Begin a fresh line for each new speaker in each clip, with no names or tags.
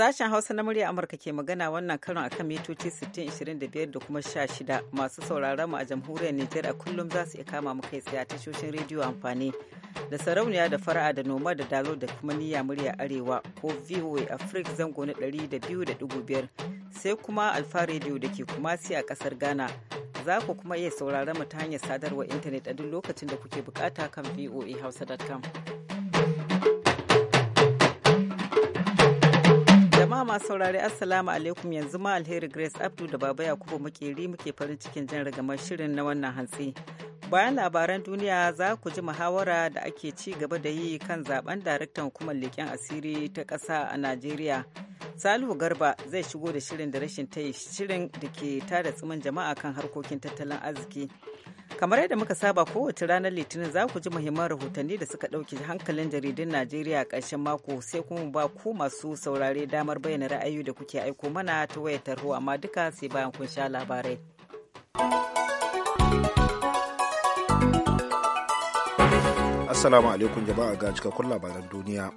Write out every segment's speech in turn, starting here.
Sashen Hausa na murya Amurka ke magana wannan karon akan mitoci 6025 da kuma 16 masu sauraron mu a jamhuriyar Nijar a kullum za su iya kama mu kai tsaye a tashoshin rediyo amfani da sarauniya da fara'a da noma da dalo da kuma niyya murya arewa ko VOA Africa zango na 200.5 sai kuma Alfa Radio da ke kuma a kasar Ghana. Za ku kuma iya sauraron mu ta hanyar sadarwar intanet a duk lokacin da kuke bukata kan voa hausa.com. Jama'a masu saurari Assalamu alaikum yanzu ma alheri Grace Abdu da Baba Yakubu Makeri muke farin cikin jan rigamar shirin na wannan hantsi. bayan labaran duniya za ku ji muhawara da ake ci gaba da yi kan zaben daraktan hukumar leƙen asiri ta ƙasa a najeriya salihu garba zai shigo da shirin da rashin yi shirin da ke tada tsimin jama'a kan harkokin tattalin arziki kamar yadda muka saba kowace ranar litinin za ku ji muhimman rahotanni da suka ɗauki hankalin jaridun najeriya a ƙarshen mako sai kuma ba ku masu saurare damar bayyana ra'ayi da kuke aiko mana ta wayar tarho amma duka sai bayan kun sha labarai.
Assalamu alaikum jama'a ga cikakkun labaran duniya.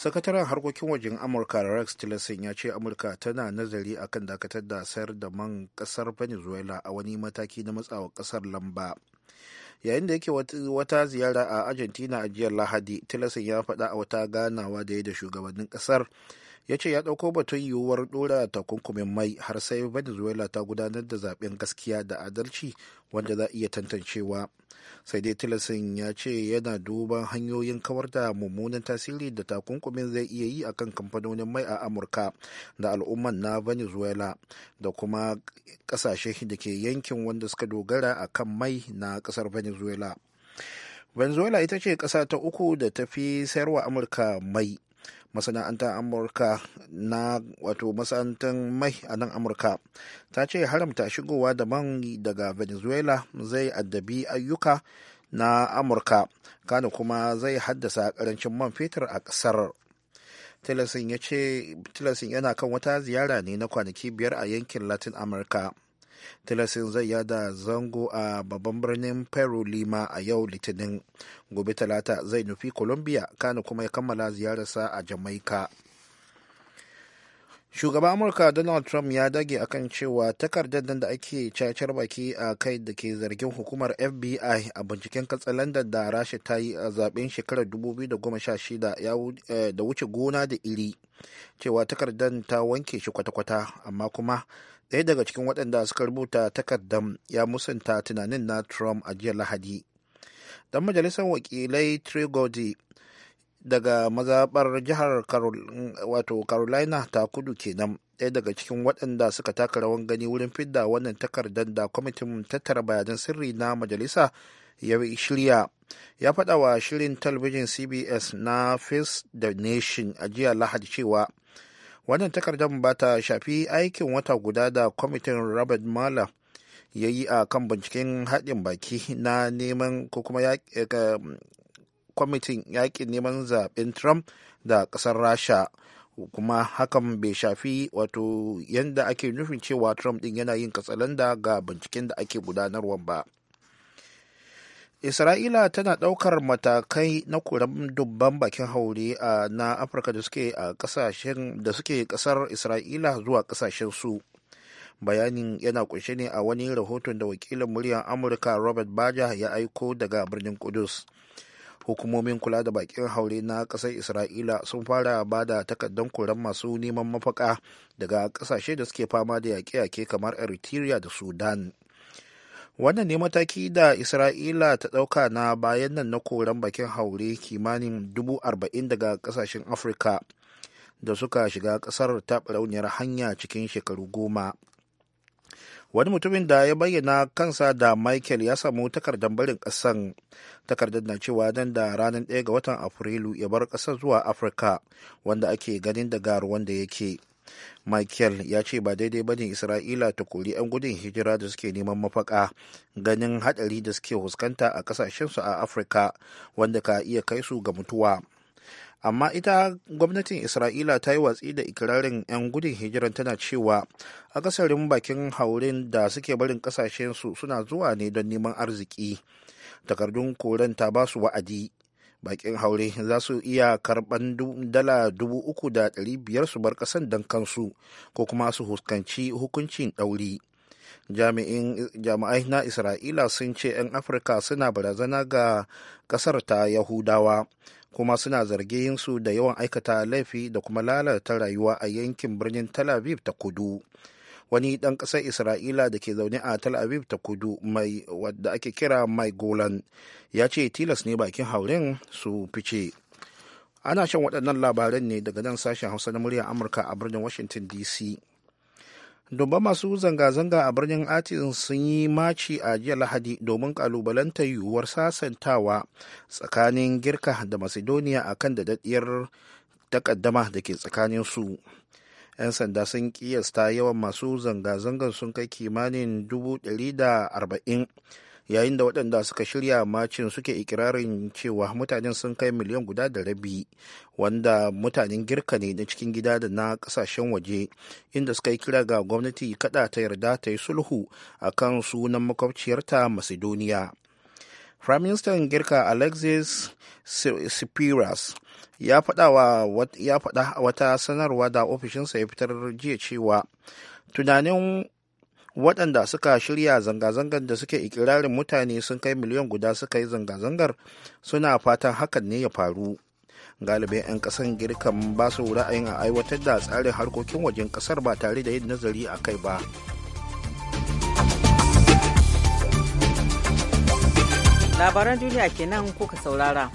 Sakataren harkokin wajen Amurka Rex Tillerson ya ce Amurka tana nazari a kan dakatar da sayar da man kasar Venezuela a wani mataki na matsawa kasar lamba. Yayin da yake wata ziyara a Argentina a jiyar Lahadi, Tillerson ya faɗa a wata ganawa da ya da shugabannin kasar. ya ce ya ɗauko batun yiwuwar ɗora takunkumin mai har sai venezuela ta gudanar da zaben gaskiya da adalci wanda za iya tantancewa sai dai tilasin ya ce yana duban hanyoyin kawar da mummunan tasiri da takunkumin zai iya yi akan kamfanonin mai a amurka da al'umman na venezuela da kuma kasashe da ke yankin wanda suka dogara a kan mai na kasar venezuela venezuela ita ce ƙasa ta uku da ta fi sayarwa amurka mai masana'antar amurka na wato masana'antar mai a nan amurka ta ce haramta shigowa da man daga venezuela zai addabi ayyuka na amurka kano kuma zai haddasa karancin man fetur a ƙasar tilasin yana kan wata ziyara ne na kwanaki biyar a yankin latin amurka tilasin zai yada zango a babban birnin peru lima a yau litinin gobe talata zai nufi colombia kana kuma ya kammala ziyararsa a jamaika shugaban amurka donald trump ya dage akan cewa takardar da ake cacar baki a kai da ke zargin hukumar fbi a binciken katsalandar da rasha ta yi a zaben shekarar 2016 eh, da wuce gona da iri cewa takardar ta wanke shi kwata-kwata amma kuma ɗaya daga cikin waɗanda suka rubuta takardar ya musanta tunanin na trump a jiya lahadi dan majalisar wakilai trigodi daga mazaɓar jihar carolina ta kudu kenan ɗaya daga cikin waɗanda suka taka rawan gani wurin fidda wannan takardar da kwamitin tattara bayanan sirri na majalisa ya shirya ya faɗa wa shirin talabijin cbs na face the nation a jiya lahadi cewa wannan takardar ba ta shafi aikin wata guda da kwamitin robert mala ya yi a kan binciken haɗin baki na neman ko kuma eh, kwamitin yaƙin neman zaɓen trump da ƙasar rasha kuma hakan bai shafi wato yadda ake nufin cewa trump ɗin yana yin katsalanda ga binciken da ake gudanarwa ba isra'ila tana ɗaukar matakai na kuran dubban bakin haure na afirka da suke a ƙasashen da suke ƙasar isra'ila zuwa ƙasashen su bayanin yana kunshe ne a wani rahoton da wakilin muryar amurka robert baja ya aiko daga birnin kudus hukumomin kula da bakin haure na ƙasar isra'ila sun fara ba da takardar koran masu neman mafaka daga ƙasashe da suke fama da yaƙe-yaƙe kamar eritrea da sudan wannan ne mataki da isra'ila ta ɗauka na bayan nan na koren bakin haure kimanin dubu arba'in daga ƙasashen afirka da suka shiga ƙasar ta rauniyar hanya cikin shekaru goma wani mutumin da ya bayyana kansa da michael ya samu takardar barin ƙasan takardar na cewa nan da ranar 1 ga watan afrilu ya bar ƙasar zuwa afirka wanda ake ganin da ruwan da yake michael ya ce ba daidai ba isra'ila ta kori 'yan gudun hijira da suke neman mafaka ganin hadari da suke huskanta a kasashensu a afirka wanda ka iya kai su ga mutuwa amma ita gwamnatin isra'ila ta yi watsi da ikirarin 'yan gudun hijiran tana cewa akasarin bakin haurin da suke barin kasashensu suna zuwa ne don neman arziki takardun koren ta ba su wa'adi bakin haure za su iya karban dala dubu uku da ɗari biyar su bar ƙasan don kansu ko kuma su huskanci hukuncin ɗauri jami'ai na isra'ila sun ce 'yan afirka suna barazana ga ƙasar ta yahudawa kuma suna zargin su da yawan aikata laifi da kuma lalata rayuwa a yankin birnin tel aviv ta kudu wani ɗan ƙasar isra'ila da ke zaune a tel aviv ta kudu mai wadda ake kira mai golan ya ce tilas ne bakin haurin su fice ana shan waɗannan labaran ne daga nan sashen hausa na muryar amurka a birnin washington dc dubban masu zanga-zanga a birnin athens sun yi maci a jiya lahadi domin kalubalanta yiwuwar sasantawa tsakanin girka da macedonia akan da daɗiyar takaddama da ke tsakanin su. 'yan sanda sun kiyasta yawan masu zanga-zangar sun kai kimanin 140 yayin da waɗanda suka shirya macin suke ikirarin cewa mutanen sun kai miliyan guda da rabi wanda mutanen girka ne na cikin gida da na ƙasashen waje inda suka yi kira ga gwamnati kada ta yarda ta yi sulhu a kan sunan makwabciyarta macedonia prime girka alexis sipiras ya faɗa a wata sanarwa da ofishinsa ya fitar jiya cewa tunanin waɗanda suka shirya zanga-zangar da suke ikirarin mutane sun kai miliyan guda suka yi zanga-zangar suna fatan hakan ne ya faru galibin 'yan ƙasan girkan ba su ra'ayin a aiwatar da tsarin harkokin wajen ƙasar ba tare da yin nazari a kai ba
labaran duniya kenan kuka saurara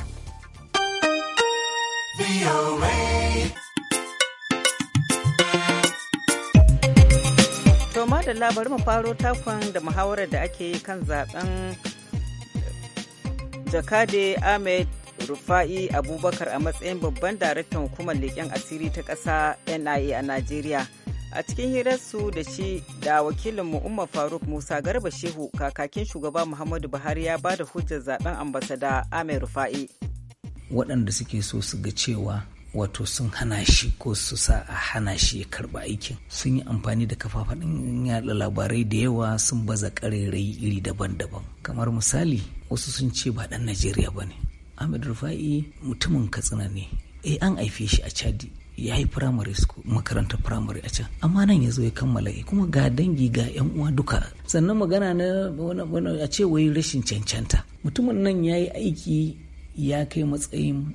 To da labar mu faro takon da muhawarar da ake yi kan zaben jakade Ahmed Rufa'i Abubakar a matsayin babban daraktan hukumar leƙen asiri ta ƙasa NIA a Najeriya. A cikin hirarsu da shi da wakilinmu Umar Faruk Musa Garba Shehu kakakin shugaba Muhammadu Buhari ya ba da hujjar zaben ambasada Ahmed Rufa'i.
waɗanda suke so su ga cewa wato sun hana shi ko su sa a hana shi ya karba aikin sun yi amfani da kafafen yada labarai da yawa sun baza ƙarerai iri daban-daban kamar misali wasu sun ce ba ɗan najeriya ba ne ahmed rufa'i mutumin katsina ne eh an haife shi a chadi ya yi firamare school makarantar firamare a can amma nan ya zo ya kammala kuma ga dangi ga yan uwa duka sannan magana na a ce wai rashin cancanta mutumin nan ya yi aiki ya kai matsayin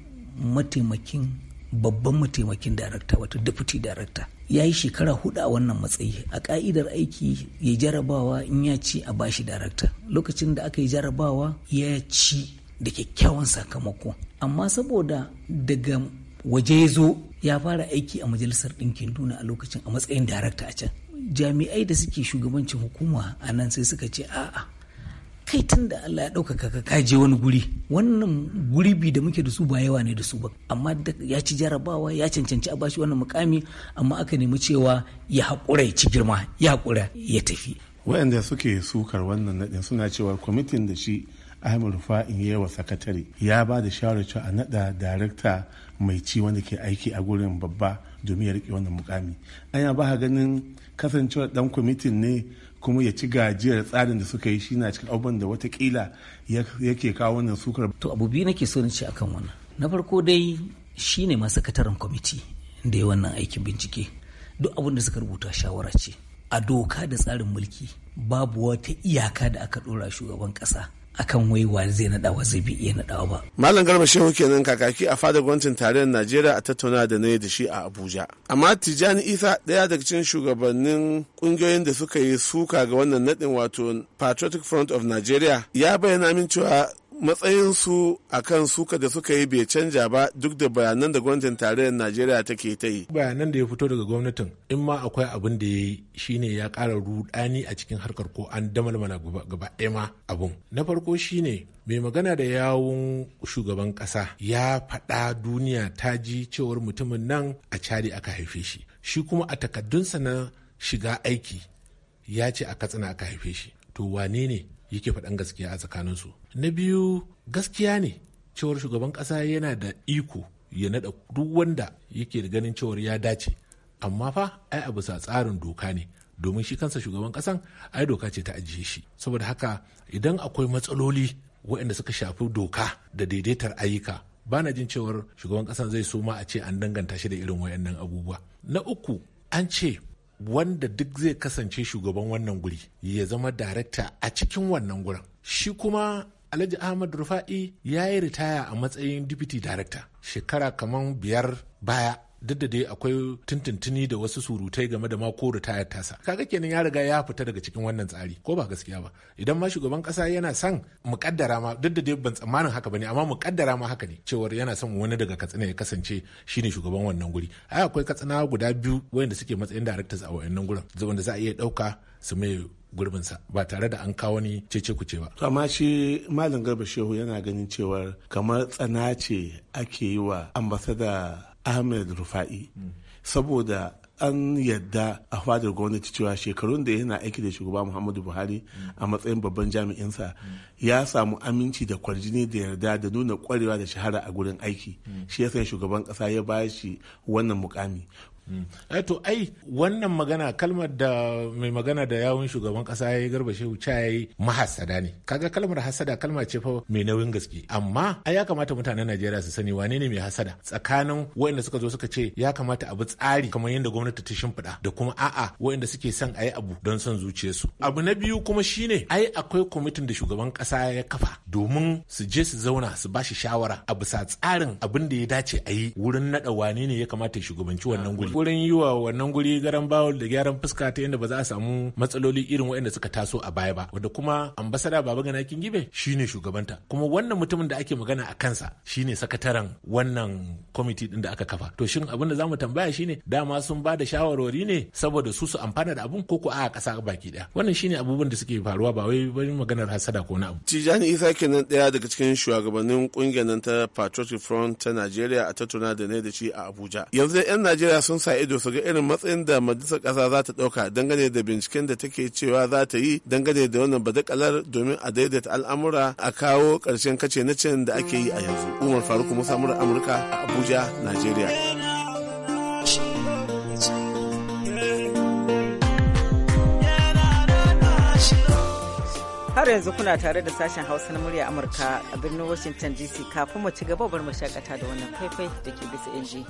mataimakin babban mataimakin darakta wato deputy darakta ya yi shekara hudu a wannan matsayi a ka'idar aiki ya jarabawa in ya ci a bashi darakta lokacin da aka yi jarabawa ya ci da kyakkyawan sakamako amma saboda daga waje ya zo ya fara aiki a majalisar ɗinkin duna a lokacin a matsayin darakta a can jami'ai da suke shugabancin hukuma a nan sai suka ce a'a kai tun da Allah ya ɗaukaka ka ka je wani guri wannan guri bi da muke da su ba yawa ne da su ba amma ya ci jarabawa ya cancanci a bashi wannan mukami amma aka nemi cewa ya haƙura ya ci girma ya haƙura ya tafi waɗanda suke
sukar wannan naɗin suna cewa kwamitin da shi ahmed rufa'in ya wa sakatare ya ba da shawarar cewa a naɗa darakta mai ci wanda ke aiki a gurin babba domin ya riƙe wannan mukami anya ba ganin kasancewar dan kwamitin ne kuma ya ci gajiyar tsarin da suka yi shi na cikin abubuwan da watakila yake kawo wannan sukar. To abu biyu nake so na ce
akan wannan. Na farko dai shi ne masu sakataren kwamiti da ya wannan aikin bincike. Duk abin da suka rubuta shawara ce. A doka da tsarin mulki babu wata iyaka da aka ɗora shugaban ƙasa akan waiwa zai naɗa wa zai bi iya naɗawa ba. Malam
Garba Shehu kenan kakaki a fadar gwamnatin tarayyar Najeriya a tattauna da na yi da shi a Abuja. Amma Tijjani Isa ɗaya daga cikin shugabannin ƙungiyoyin da suka yi suka ga wannan naɗin wato Patriotic Front of Nigeria ya bayyana min cewa matsayinsu a kan suka da suka yi bai canja ba duk da bayanan da gwamnatin tarayyar najeriya take ta yi
bayanan da ya fito daga gwamnatin in ma akwai abin da ya yi shine ya ƙara rudani a cikin harkar ko an damalmala gaba ɗaya ma abun na farko shine mai magana da yawun shugaban ƙasa ya faɗa duniya ta ji cewar mutumin nan a cari aka haife shi shi kuma a takaddunsa na shiga aiki ya ce a katsina aka haife shi to wane ne yake faɗan gaskiya a tsakaninsu na biyu gaskiya ne cewar shugaban ƙasa yana da iko ya naɗa duk wanda yake da ganin cewar ya dace amma fa ai a bisa tsarin doka ne domin shi kansa shugaban ƙasan ai doka ce ta ajiye shi saboda haka idan akwai matsaloli waɗanda suka shafi doka da daidaitar ayyuka ba na jin cewar shugaban ƙasan zai so ma a ce an danganta shi da irin waɗannan abubuwa na uku an ce wanda duk zai kasance shugaban wannan guri ya zama darekta a cikin wannan gurin shi kuma alhaji ahmad rufa'i ya yi ritaya a matsayin deputy director shekara kamar biyar baya duk da dai akwai tuntuntuni da wasu surutai game da mako da tayar tasa kaga kenan ya riga ya fita daga cikin wannan tsari ko ba gaskiya ba idan ma shugaban kasa yana son kaddara ma duk da dai ban tsammanin haka bane amma kaddara ma haka ne cewar yana son wani daga katsina ya kasance shine shugaban wannan guri ai akwai katsina guda biyu wanda suke matsayin directors a wayannan gurin wanda za a iya dauka su mai gurbin sa. ba tare da an kawo wani cece kuce ba.
amma shi malam garba shehu yana ganin cewar kamar tsana ce ake yi wa ambasada ahmed rufa'i saboda an yadda a fadar gwamnati cewa shekarun da yana aiki da shugaba muhammadu buhari a matsayin babban jami'insa ya samu aminci da kwarjini da yarda da nuna kwarewa da shahara a gurin aiki shi yasa shugaban kasa ya ba shi wannan mukami
ai eh, ai wannan magana kalmar da mai magana da yawun shugaban kasa ya yi garba shehu cha yayi mahasada ne kaga kalmar hasada kalma ce fa mai nauyin gaske amma ai ya kamata mutanen Najeriya su sani wane ne mai hasada tsakanin waɗanda suka zo suka ce ya kamata abu tsari kamar yadda gwamnati ta shimfiɗa da kuma a'a waɗanda suke son a yi abu don son zuciyarsu abu na biyu kuma shine ai akwai kwamitin da shugaban kasa ya kafa domin su je su zauna su ba shi shawara a bisa tsarin abin da ya dace a yi wurin naɗa wane ne ya kamata ya shugabanci wannan guri wurin yi wa wannan guri garan bawul da gyaran fuska ta yadda ba za a samu matsaloli irin waɗanda suka taso a baya ba wanda kuma ambasada baba gana gibe shine shugabanta kuma wannan mutumin da ake magana a kansa shine sakataren wannan kwamiti din da aka kafa to shin abin da za mu tambaya shine dama sun ba da shawarwari ne saboda su su amfana da abun ko ko a ƙasa baki ɗaya wannan shine abubuwan da suke faruwa ba wai bari maganar hasada ko na abu.
Tijani Isa kenan daya daga cikin shugabannin ƙungiyar ta Patriotic Front ta Najeriya a tattauna da ne da shi a Abuja. Yanzu 'yan Najeriya sun sa ido su ga irin matsayin da majalisar ƙasa za ta ɗauka dangane da binciken da take cewa za ta yi dangane da wannan badakalar domin a daidaita al'amura a kawo ƙarshen kace na cin da ake yi a yanzu umar faruk musa amurka a abuja najeriya
har yanzu kuna tare da sashen hausa na murya amurka a birnin washington dc kafin mu ci gaba bar mu shakata da wannan faifai da ke bisa inji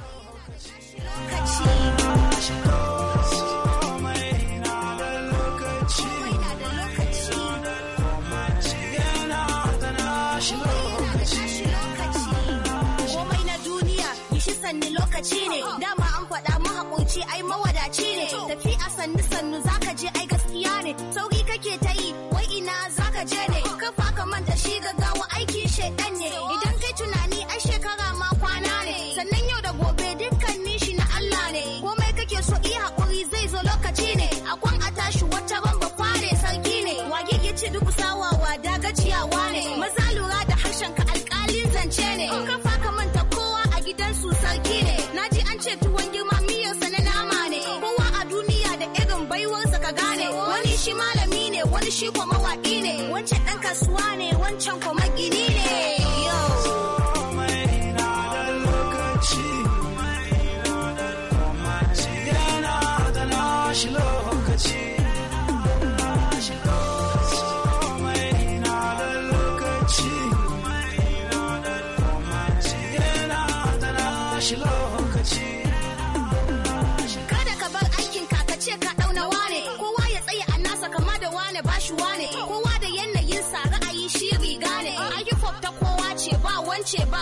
komai na duniya shi sannu lokaci ne dama an faɗa mahaƙunci ai mawadaci ne tafi a sannu sannu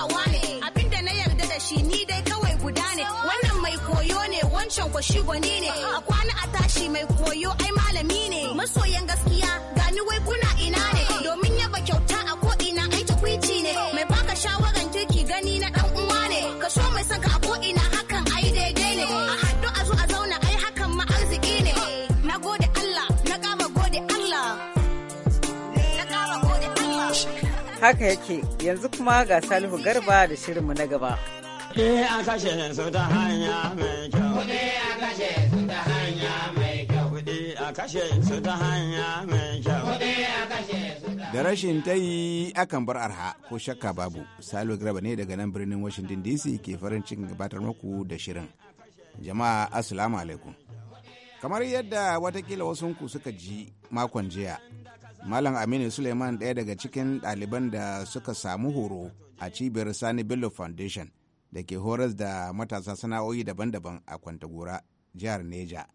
wane. da da na yarda da shi ni dai kawai guda ne wannan mai koyo ne wancan ko shi gwani ne a kwana a tashi mai koyo ai malami ne masoyan gaskiya gani wai kuna ina ne domin yaba kyauta
Haka yake yanzu kuma ga Salihu Garba da shirinmu na gaba.
Da rashin ta yi akan bar arha ko shakka babu. Salo Graba ne daga nan birnin Washington DC ke farin cikin gabatar muku da shirin. Jama'a Assalamu alaikum. Kamar yadda watakila wasunku suka ji makon jiya, Malam Aminu Suleiman ɗaya daga cikin ɗaliban da suka samu horo a cibiyar Sani Bello Foundation da ke horas da matasa sana'o'i daban-daban a Kwantagora, jihar Neja.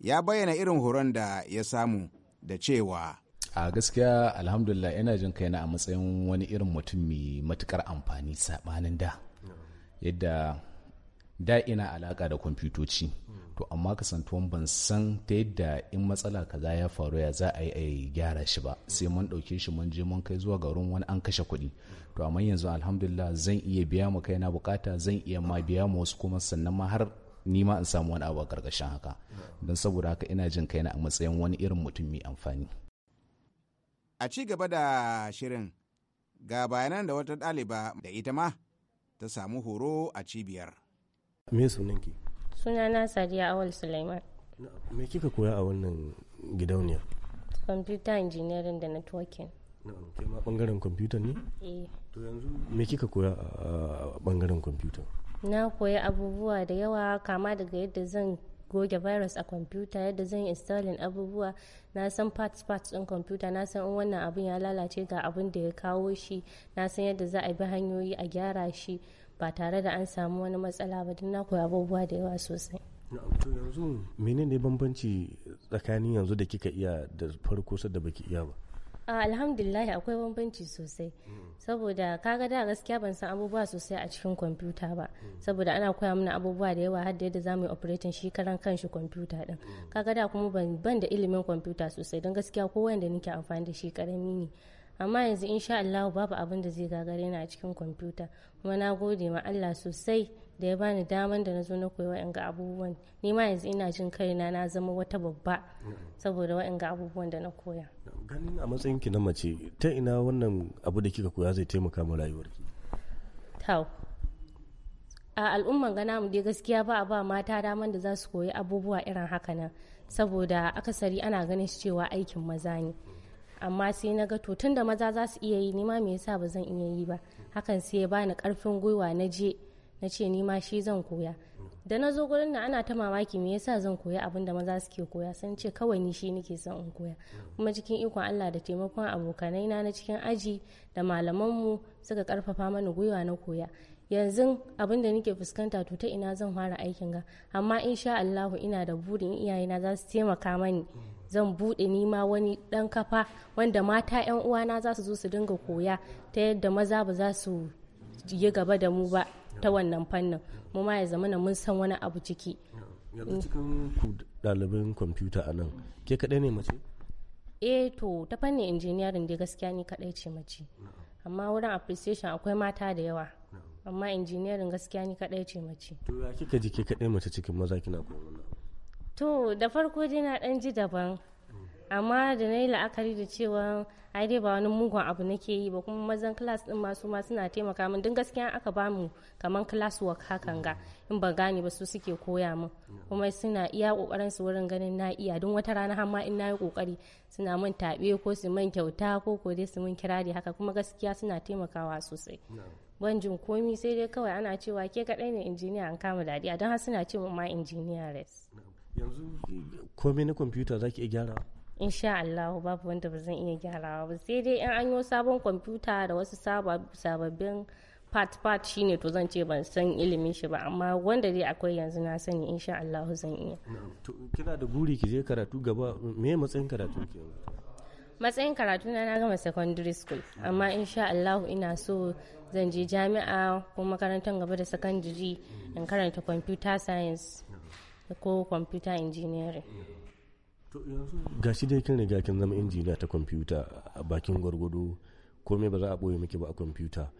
Ya bayyana irin horon da ya samu da cewa a gaskiya alhamdulillah yana jin kai na a matsayin wani irin mutum mai matukar amfani sabanin da yadda da ina alaka da kwamfutoci to amma kasantuwan ban san ta yadda in matsala kaza ya faru ya za a yi a gyara shi ba sai mun ɗauke shi mun je mun kai zuwa garin wani an kashe kuɗi to amma yanzu alhamdulillah zan iya biya mu kai na bukata zan iya ma biya mu wasu kuma sannan ma har ni ma in samu wani abu a karkashin haka don saboda haka ina jin kai na a matsayin wani irin mutum mai amfani a ci gaba da shirin ga bayanan da wata ɗaliba da ita ma ta samu horo a cibiyar
me sunanki
suna na sadiya awal suleiman
me kika koya a wannan gidauniyar
computer engineering da networking
na'am ke ma bangaren computer ne eh. to yanzu me kika koya a bangaren computer
na koya abubuwa da yawa kama daga yadda zan goge virus a computer yadda zan installing abubuwa na san parts parts din computer na san wannan abin ya lalace ga abin da ya kawo shi na san yadda za a bi hanyoyi a gyara shi ba tare da an samu wani matsala ba don na koyi abubuwa da yawa sosai
to yanzu menene bambanci tsakanin yanzu da kika iya da farko da baki iya ba
alhamdulillah akwai bambanci sosai saboda kaga da gaskiya ban san abubuwa sosai a cikin kwamfuta ba saboda ana koya mana abubuwa da yawa hadda da yadda zamu yi operating shi karan kanshi kwamfuta din kaga da kuma ban da ilimin kwamfuta sosai don gaskiya ko wanda nake amfani da shi karami ne amma yanzu insha Allah babu abin da zai gagare ni a cikin kwamfuta kuma na gode ma Allah sosai da ya bani daman da na zo na koyi wa'anga abubuwan ni ma yanzu ina jin kaina na zama wata babba saboda wa'anga abubuwan da na koya
ganin a matsayin ki na mace ta ina wannan abu da kika koya zai taimaka ma rayuwarki
tau a al'umman gana mu dai gaskiya ba a ba mata daman da za su koyi abubuwa irin haka nan saboda akasari ana ganin cewa aikin maza ne amma sai na ga to da maza za su iya yi nima me yasa ba zan iya yi ba hakan sai ya bani karfin gwiwa na je na ce nima shi zan koya da na zo gurin nan ana ta mamaki me yasa zan koya abin da maza suke koya sun ce kawai ni shi nake son in koya kuma cikin ikon Allah da taimakon abokanai na na cikin aji da malaman mu suka karfafa mana gwiwa na koya yanzu abin da nake fuskanta to ta ina zan fara aikin ga amma insha Allahu ina da burin iyayena za su taimaka mani zan buɗe nima wani ɗan kafa wanda mata 'yan uwana za su zo su dinga koya ta yadda maza ba za su yi gaba da mu ba ta wannan fannin mu ma ya zama na mun san wani abu ciki yanzu
cikin ku ɗaliban kwamfuta a nan ke kaɗai ne mace
eh to ta fannin injiniyarin dai gaskiya ni kaɗai ce mace amma wurin appreciation akwai mata da yawa amma injiniyarin gaskiya ni kaɗai ce mace
to ya kika ji ke kaɗai mace cikin maza kina koyo
to da farko dai na dan ji daban amma da na yi la'akari da cewa ai dai ba wani mugun abu nake yi ba kuma mazan class din masu ma suna taimaka min don gaskiya aka ba mu kaman class work hakan ga in ba gane ba su suke koya min kuma suna iya kokarin su wurin ganin na iya don wata rana har ma in na yi kokari suna min tabe ko su min kyauta ko ko dai su min kirari haka kuma gaskiya suna taimakawa sosai ban jin komi sai dai kawai ana cewa ke kadai ne injiniya an kama a don har suna ce ma injiniya res
yanzu komai na kwamfuta za ki iya gyara
insha Allah babu wanda ba zan iya gyarawa ba sai dai in an yi sabon kwamfuta da wasu sababbin part part shine to zan ce ban san ilimin shi ba amma wanda dai akwai yanzu na sani insha Allah zan iya
to kina da guri ki je karatu gaba me matsayin karatu ke
matsayin karatu na na gama secondary school amma insha Allah ina so zan je jami'a ko makarantar gaba da secondary in karanta computer science ko computer engineering
ga shi dai kin riga kin zama injiniya ta kwamfuta a bakin gwargwado komai ba za a ɓoye miki ba a kwamfuta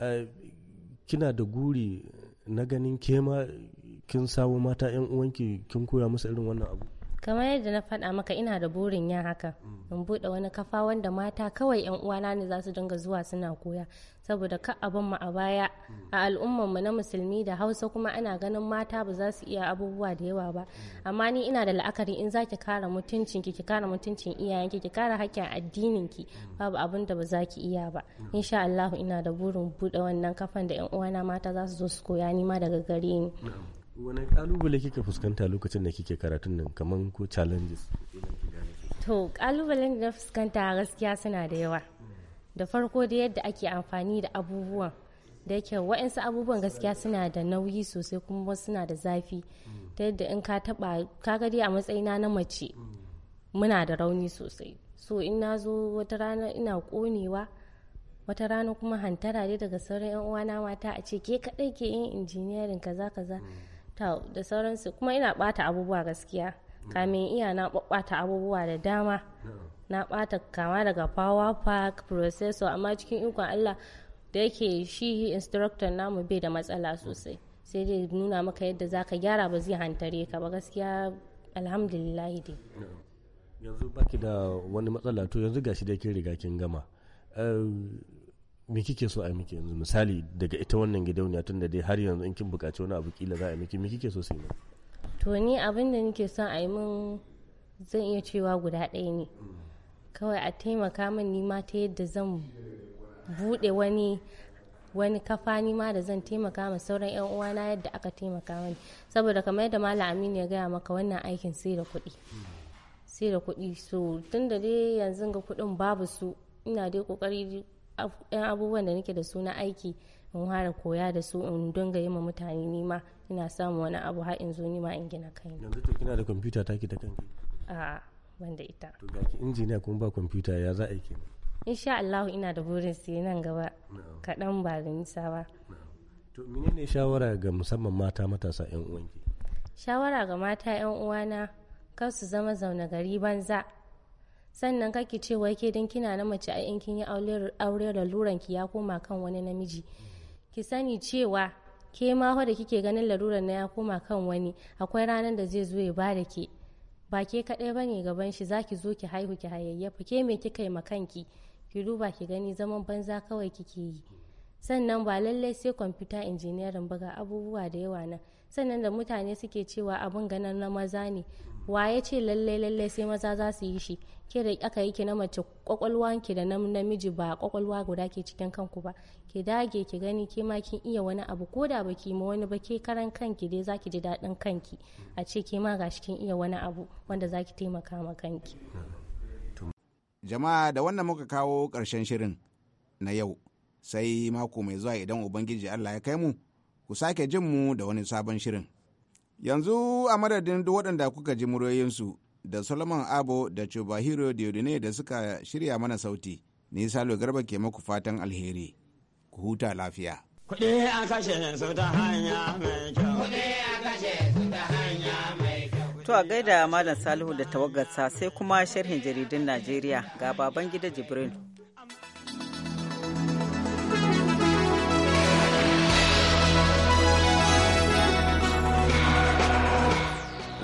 eh, kina da guri na ganin kema kin samu mata 'yan uwanki kin koya musu irin wannan abu
kamar yadda na faɗa maka ina da burin ya haka in buɗe wani kafa wanda mata kawai yan uwana ne za su dinga zuwa suna koya saboda ka abin mu a baya a al'ummar mu na musulmi da hausa kuma ana ganin mata ba za su iya abubuwa da yawa ba amma ni ina da la'akari in za ki kare mutuncin ki ki kare mutuncin iyayenki ki kara hakkin addinin ki babu abin da ba za ki iya ba insha Allah ina da burin buɗe wannan kafan da yan uwana mata za su zo su koya ni ma daga gare ni
wani kalubale kika fuskanta lokacin da kike karatun nan kaman ko challenges
to kalubalen da na fuskanta gaskiya suna da yawa da farko da yadda ake amfani da abubuwan da yake wa'insu abubuwan gaskiya suna da nauyi sosai kuma suna da zafi ta yadda in ka taba kaga dai a matsayina na mace muna da rauni sosai so in na zo wata rana ina konewa wata rana kuma hantara dai daga sauran yan uwana mata a ce ke kadai ke yin injiniyarin kaza kaza da sauransu kuma ina bata abubuwa gaskiya kamin iya na bata abubuwa da dama na bata kama daga power pack processor amma cikin ikon allah da yake shi instructor namu bai da matsala sosai sai dai nuna maka yadda zaka gyara ba zai hantare ka ba gaskiya alhamdulillahi dai
yanzu baki da wani matsala to yanzu gashi da kin riga kin gama eh, me kike so a yi miki yanzu misali daga ita wannan gidauniya tun da dai har yanzu in kin buƙaci wani abu kila za a yi miki me kike so su yi
to ni abin da nake son a yi min zan iya cewa guda ɗaya ne kawai a taimaka min ni ma ta yadda zan buɗe wani wani kafa ni ma da zan taimaka ma sauran yan uwana yadda aka taimaka mani saboda kamar yadda malam aminu ya gaya maka wannan aikin sai da kuɗi sai da kuɗi so tun da dai yanzu ga kuɗin babu su ina dai kokari 'yan abubuwan da nake da su na aiki in fara koya da su in dinga yi ma mutane nima ina samun wani abu har in zo nima in gina kai yanzu to
kina da kwamfuta taki da kanki
a ban da ita to ga
ki injiniya kuma ba kwamfuta ya za a yi kenan
insha Allah ina da burin sai nan gaba kaɗan ba da nisa ba
to menene shawara ga musamman mata matasa yan uwanki
shawara ga mata yan uwana kar su zama zaune gari banza sannan kake ce ke dan kina na mace a in kin yi aure laluran ki ya koma kan wani namiji ki sani cewa ke ma da kike ganin laluran na ya koma kan wani akwai ranar da zai zo ya ba da ke ba ke kaɗai ba ne gaban shi za ki zo ki haihu ki hayayyafa ke mai kika yi kanki ki duba ki gani zaman banza kawai kike yi sannan ba lallai sai kwamfuta injiniyarin buga abubuwa da yawa nan sannan da mutane suke cewa abun ganin na maza ne wa ya ce lallai lallai sai maza za su yi shi ke da aka yi ki na mace kwakwalwa ki da na namiji ba kwakwalwa guda ke cikin kanku ba ki dage ki gani ke ma kin iya wani abu ko da baki ma wani ba ke karan kanki dai zaki ji daɗin kanki a ce ke ma gashi kin iya wani abu wanda zaki taimaka ma kanki
jama'a da wannan muka kawo ƙarshen shirin na yau sai mako mai zuwa idan ubangiji Allah ya kai mu ku sake jin mu da wani sabon shirin Yanzu a madadin duk waɗanda kuka ji muryoyinsu da Solomon Abo da Chubahiro Diodine da suka shirya mana sauti, ni Salo Garba ke maku fatan alheri, ku huta lafiya.
Kuɗi
a kashe su ta hanya mai
kyau. Kuɗi a
kashe su ta hanya mai kyau. To a gaida Malam Salihu da tawagarsa sai kuma sharhin jaridun Najeriya ga baban gida Jibril.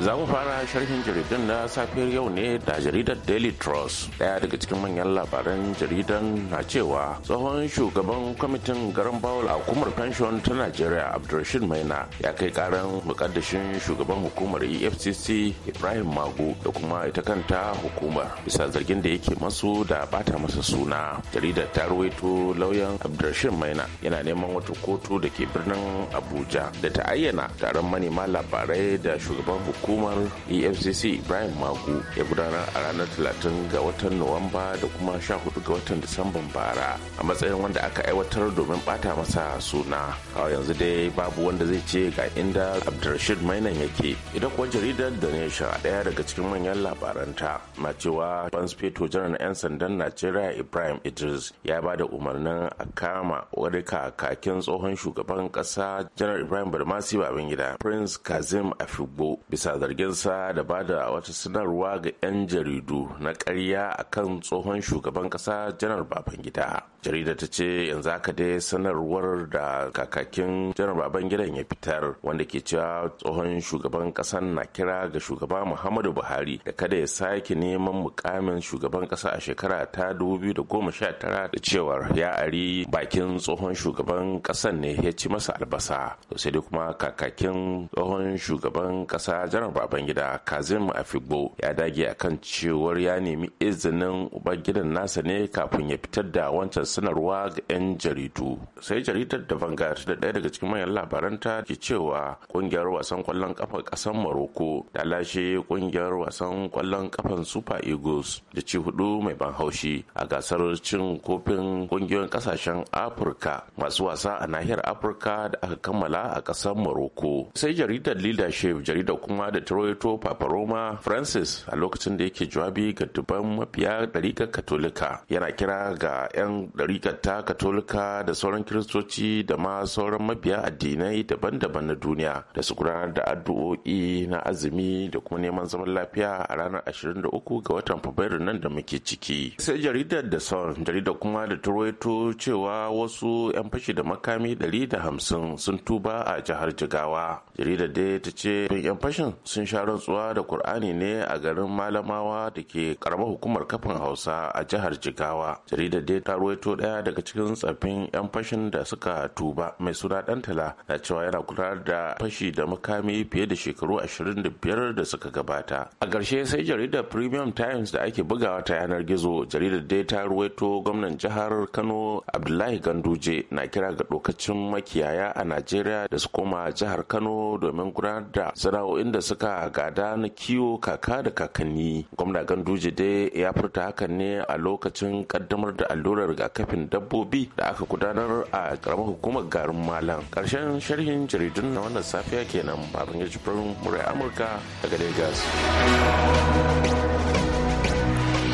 Za mu fara sharhin jaridun na safiyar yau ne da jaridar Daily Trust. Daya daga cikin manyan labaran jaridan na cewa tsohon shugaban kwamitin garin bawul a hukumar pension ta Najeriya Abdulrashid Maina ya kai karan mukaddashin shugaban hukumar EFCC Ibrahim Magu da kuma ita kanta hukumar bisa zargin da yake masu da bata masa suna. Jaridar ta ruwaito lauyan Abdulrashid Maina yana neman wata kotu da ke birnin Abuja da ta ayyana taron manema labarai da shugaban hukumar hukumar efcc ibrahim magu ya gudanar a ranar talatin ga watan nuwamba da kuma sha hudu ga watan disamban bara a matsayin wanda aka aiwatar domin bata masa suna a yanzu dai babu wanda zai ce ga inda abdulrashid mainan yake idan kuwa jaridar da ne sha daya daga cikin manyan labaranta na cewa feto janar 'yan sandan najeriya ibrahim idris ya ba da umarnin a kama wani kakakin tsohon shugaban kasa janar ibrahim babin gida prince kazim afigbo bisa zargin sa da ba da wata sanarwa ga 'yan jaridu na karya kan tsohon shugaban ƙasa janar babangida Jaridar ta ce yanzu haka dai sanarwar da kakakin janar baban gidan ya fitar wanda ke cewa tsohon shugaban kasan na kira ga shugaba muhammadu buhari da kada ya sake neman mukamin shugaban kasa a shekara ta 2019 da cewar ya ari bakin tsohon shugaban kasar ne ya ci masa albasa to sai dai kuma kakakin tsohon shugaban kasa janar baban gida kazim afigbo ya dage akan cewar ya nemi izinin uban gidan nasa ne kafin ya fitar da wancan sanarwa ga 'yan jaridu sai jaridar da vanguard da ɗaya daga cikin manyan labaranta ke cewa kungiyar wasan kwallon kafa ƙasar morocco da lashe kungiyar wasan kwallon kafan super eagles da ci hudu mai ban haushi a gasar cin kofin kungiyoyin ƙasashen afirka masu wasa a nahiyar afirka da aka kammala a ƙasar morocco sai jaridar leadership jaridar kuma da toronto paparoma francis a lokacin da yake jawabi ga dubban mafiya ga katolika yana kira ga 'yan ɗariƙar ta katolika da sauran kiristoci da ma sauran mabiya addinai daban-daban na duniya da su gudanar da addu'o'i na azumi da kuma neman zaman lafiya a ranar 23 ga watan fabrairu nan da muke ciki sai jaridar da son jaridar kuma da turoito cewa wasu 'yan fashi da makami 150 sun tuba a jihar jigawa jaridar dai ta ce 'yan fashin sun sha rantsuwa da kur'ani ne a garin malamawa da ke karamar hukumar kafin hausa a jihar jigawa jaridar dai ta ruwaito rawaito ɗaya daga cikin tsaffin 'yan fashin da suka tuba mai suna ɗantala na cewa yana gudanar da fashi da makami fiye da shekaru 25 da suka gabata a ƙarshe sai jaridar premium times da ake bugawa ta yanar gizo jaridar dai ta ruwaito gwamnan jihar kano abdullahi ganduje na kira ga dokacin makiyaya a najeriya da su koma jihar kano domin gudanar da sana'o'in da suka gada na kiwo kaka da kakanni gwamna ganduje dai ya furta hakan ne a lokacin kaddamar da allurar rigakafi rigakafin dabbobi da aka gudanar a karamar hukumar garin malam karshen sharhin jaridun na wannan safiya kenan babin ya jibirin murai amurka daga lagos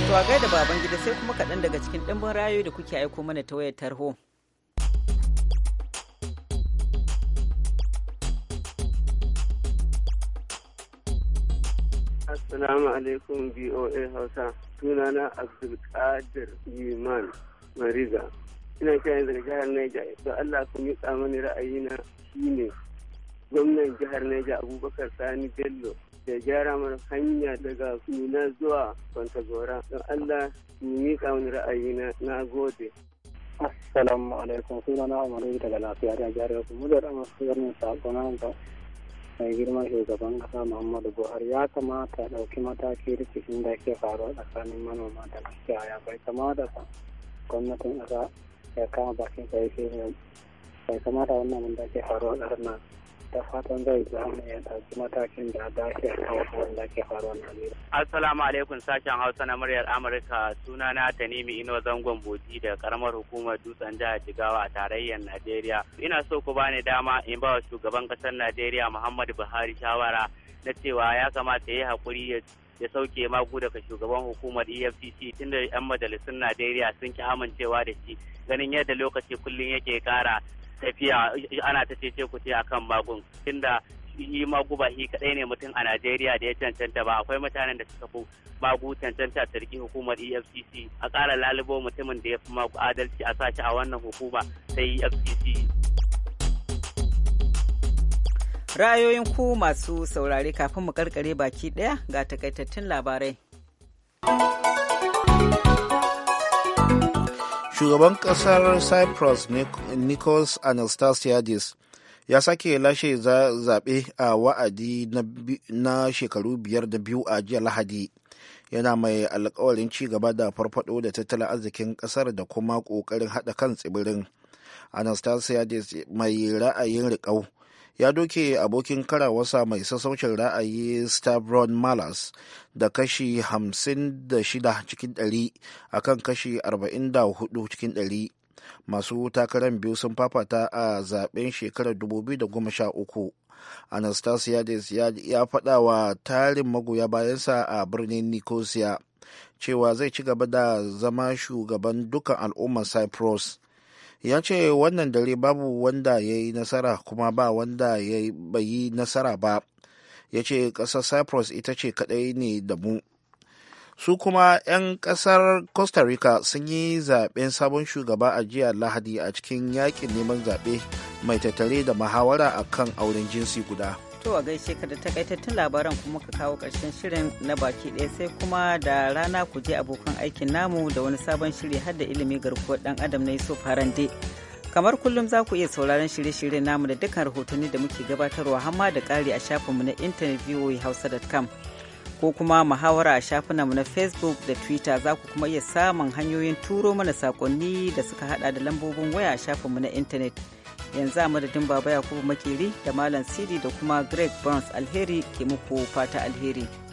to da baban gida sai kuma kaɗan daga cikin ɗimbin rayu da kuke aiko mana ta wayar tarho
Assalamu alaikum BOA Hausa. Sunana Abdulkadir Iman mariza ina kira daga jihar naija da allah ku miƙa mani shi ne gwamnan jihar naija abubakar sani bello da gyara
mana hanya daga nuna zuwa kwantagora don allah ku yi mani ra'ayi na gode assalamu alaikum suna na umaru daga lafiya da jihar yau
mu da dama su zarnin sako na mai girma shugaban kasa muhammadu buhari ya kamata ɗauki mataki rikicin da ke faruwa tsakanin manoma da ya bai kamata ba gwamnatin ƙasa ya kama bakin kai sai ne bai kamata wannan wanda da ke faruwa a ƙasar da fatan zai zama ya ɗauki matakin da dace ke kawo wannan wanda ke faruwa na Najeriya.
Assalamu alaikum sashen Hausa na muryar Amurka sunana Tanimi Ino Zangon Boti da karamar hukumar Dutsen Jihar Jigawa a tarayyar Najeriya. Ina so ku bani dama in ba wa shugaban ƙasar Najeriya Muhammadu Buhari shawara na cewa ya kamata ya yi haƙuri ya ya sauke magu daga shugaban hukumar efcc tunda 'yan majalisun najeriya sun ki amincewa da shi ganin yadda lokaci kullum yake kara tafiya ana ta ce ku ce akan magun tunda yi magu ba shi kadai ne mutum a Najeriya da ya cancanta ba akwai mutanen da suka fi magu cancanta ta riki hukumar EFCC a kara lalubo mutumin da ya fi magu adalci a sashi a wannan hukuma ta EFCC.
rayoyin ku masu saurare kafin mu karkare baki ɗaya ga takaitattun labarai.
Shugaban ƙasar Cyprus Nikos Anastasiadis ya sake lashe zaɓe a wa'adi na shekaru biyar da biyu a jiya Lahadi. Yana mai alkawarin ci gaba da farfaɗo da tattalin arzikin ƙasar da kuma ƙoƙarin haɗa kan tsibirin. Anastasiadis mai ra'ayin riƙau ya doke abokin karawarsa mai sassaucin ra'ayi stavron malas da kashi 56 cikin 100 a kan kashi 44 cikin 100 masu takarar biyu sun fafata a zaben shekarar 2013 anastasiades ya faɗa wa tarin magoya bayansa a birnin nicosia cewa zai ci gaba da zama shugaban dukkan al'ummar cyprus ya ce wannan dare babu wanda ya yi nasara kuma ba wanda ya yi nasara ba ya ce ƙasar cyprus ita ce kaɗai ne da mu su kuma 'yan ƙasar costa rica sun yi zaɓen sabon shugaba a jiya lahadi a cikin yaƙin neman zaɓe mai tattare da muhawara akan auren jinsi guda.
yau a gaishe ka da takaitattun labaran kuma ka kawo karshen shirin na baki ɗaya sai kuma da rana ku je abokan aikin namu da wani sabon shiri har da ilimi garkuwar dan adam na yusuf harande kamar kullum za ku iya sauraron shirye-shiryen namu da dukkan rahotanni da muke gabatarwa hamma da ƙari a shafinmu na intanet voahausa.com ko kuma muhawara a mu na facebook da twitter za ku kuma iya samun hanyoyin turo mana sakonni da suka hada da lambobin waya a shafinmu na intanet yanzu a madadin baba yakubu makeri da malam sidi da kuma greg burns alheri ke muku fata alheri